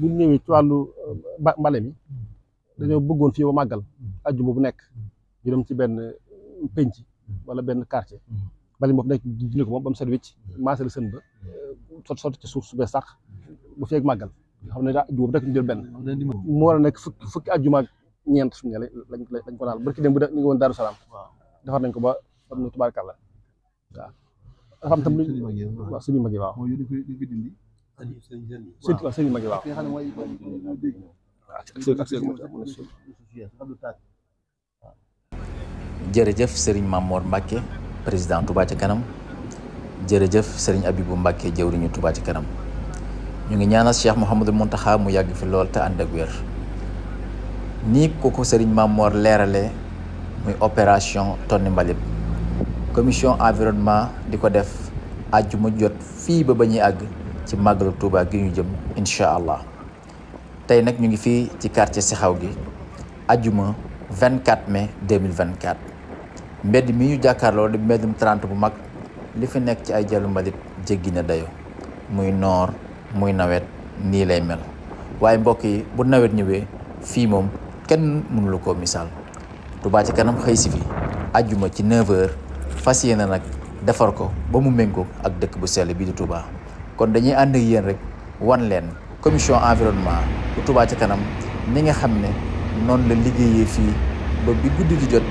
bu ñëwee ci wàllu mbale mi mm. dañoo bëggoon fii ba màggal mm. ajjuma bu nekk juróom mm. ci benn euh, penc wala benn quartier mbale mi boobu nekk jëlee ko moom ba mu set wicc maasale sën ba sot sot ci suuf su bees sax bu feeg màggal nga xam ne daa ajjuma bu nekk ñu jël benn mu war a nekk fukki fukki ajjuma ak ñeent fu ne lañ lañ ko daal barki dem bu ñu ngi woon Daaru Salaam defar nañ ko ba am na tubaarkàlla waaw dafa am tam lu waaw suñu surtout sëñ Maguette waaw. jërëjëf Serigne Mamour Mbacke président tubaa ci Kanam jërëjëf sëriñ Serigne Abibou Mbacke jëwriñu Touba ci Kanam ñu ngi ñaanal Cheikh Mouhamadul Mountakha mu yàgg fi lool te ànd ak wér. nii ko ko leerale muy opération tonni mbalit commission environnement di ko def àjjuma jot fii ba ba ñuy àgg. ci màggalu Touba gi ñu jëm incha allah tey nag ñu ngi fii ci quartier Sixaw gi ajuma 24 mai 2024 mbedd mi ñu jàkkaarloo di mbeddum 30 bu mag li fi nekk ci ay jalu mbalit jéggi na dayo muy noor muy nawet nii lay mel waaye mbokk yi bu nawet ñëwee fii moom kenn mënulu koo misaal Touba ci kanam xëy si fi ajuma ci 9h fas yéene nag defar ko ba mu méngoo ak dëkk bu sell bi di Touba. kon dañuy ànd ak yéen rek wan leen commission environnement bu Touba ca kanam ni nga xam ne noonu la liggéeyee fii ba bi guddi di jot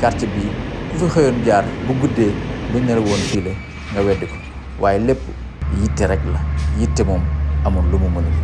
quartier bi ku fi xëyoon jaar bu guddee lu ñu woon fii la nga weddi ko waaye lépp yitte rek la yitte moom amoon lu mu mënul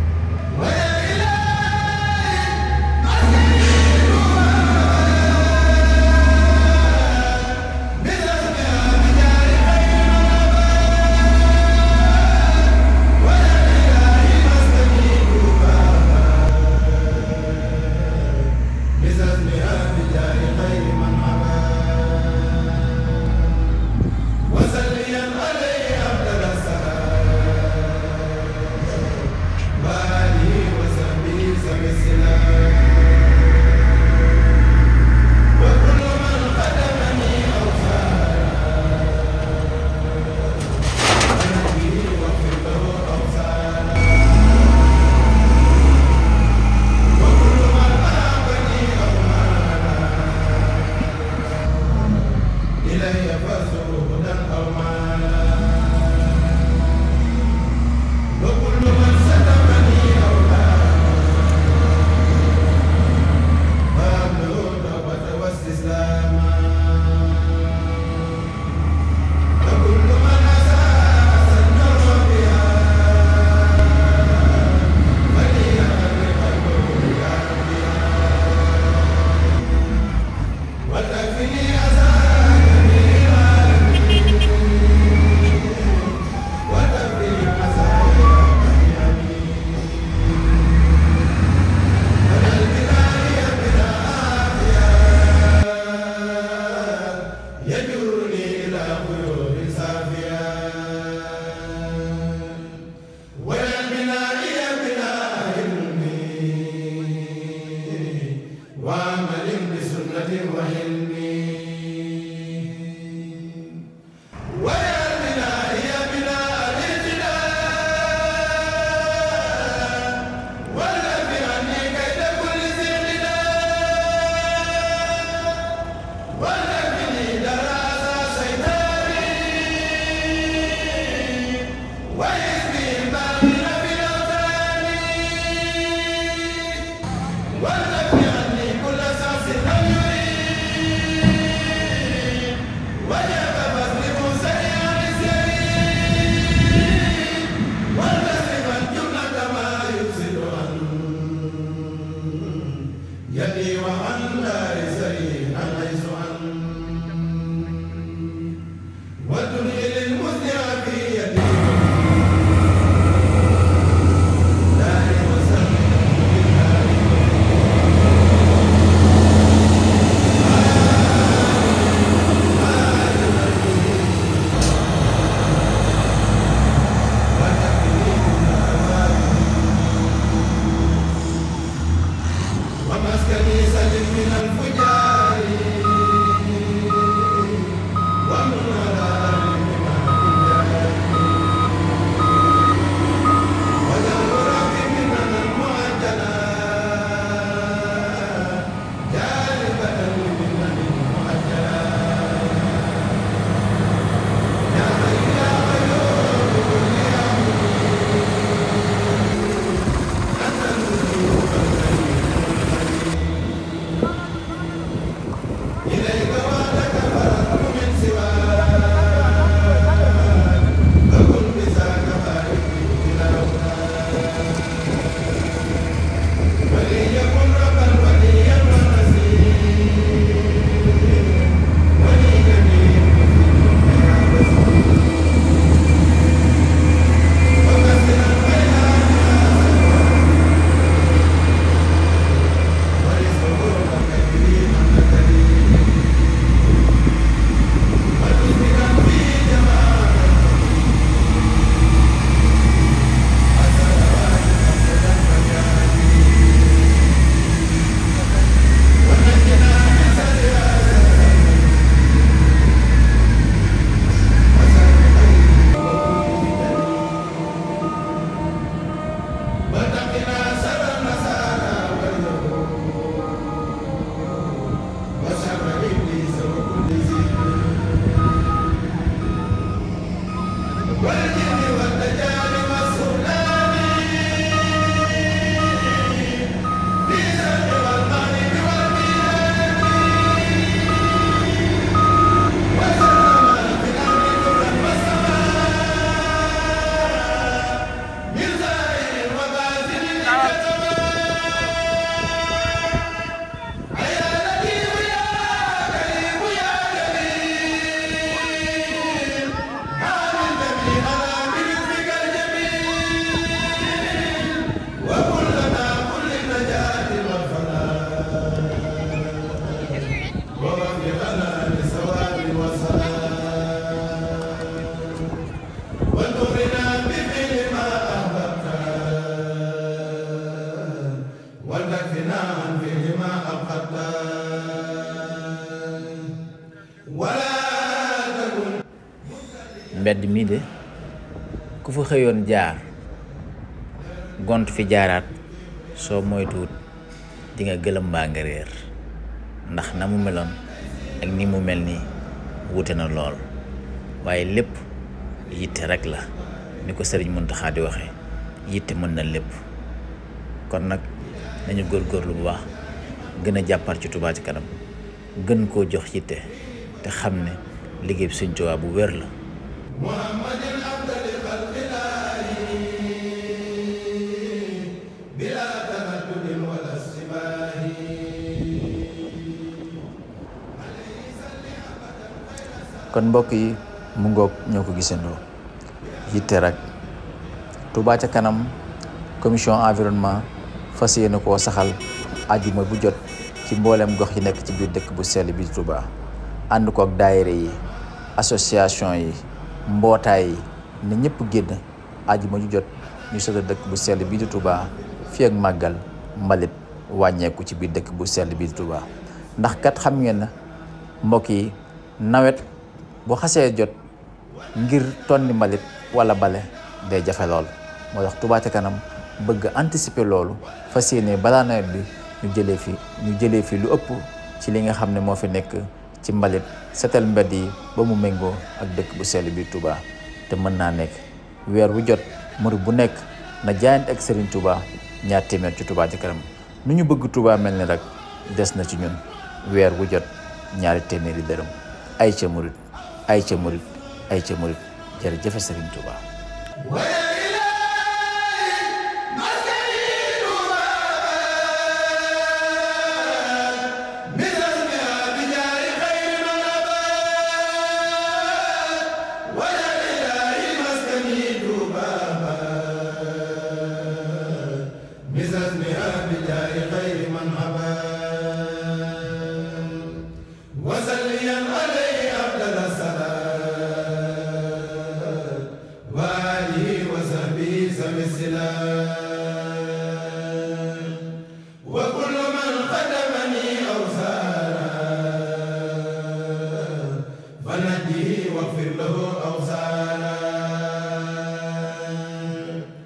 mbedd mii de ku fa xëyoon jaar gont fi jaaraat soo moytuwut dinga nga gëlëm mbaa nga réer ndax na mu meloon ak ni mu mel nii wute na lool waaye lépp yitte rek la ni ko sëriñ Muntaxa di waxe yitte mën na lépp kon nag nañu góorgóorlu bu baax gën a jàppar ci Touba ci kanam gën koo jox yitte te xam ne liggéey bi Sëriñ Tuubaa bu wér la kon mbokk yi mu ngoog ñoo ko gisandoo yitte rek tubaa ca kanam commission environnement fas yéene koo saxal ajuma bu jot ci mboolem gox yi nekk ci biir dëkk bu sell bi Touba ànd ko ak daayira yi association yi mbootaay yi na ñëpp génn àjjuma ju jot ñu a dëkk bu sell bii di Touba fi ak màggal mbalit wàññeeku ci biir dëkk bu sell bii di Touba ndax kat xam ngeen na mbokk yi nawet bu xasee jot ngir tonni mbalit wala bale day jafe lool moo tax Touba ca kanam bëgg anticiper loolu fas yéene balaa nawet bi ñu jëlee fi ñu jëlee fi lu ëpp ci li nga xam ne moo fi nekk ci mbalit setal mbedd yi ba mu méngoo ak dëkk bu sell bi tubaa te mën naa nekk weer wu jot murid bu nekk na jaayante ak Serigne Touba ñaar téeméer ci Touba ci kanam nu ñu bëgg tubaa mel ni rek des na ci ñun weer wu jot ñaari téeméeri dërëm ay ca murid ay ca murid ay ca murid jërëjëf Touba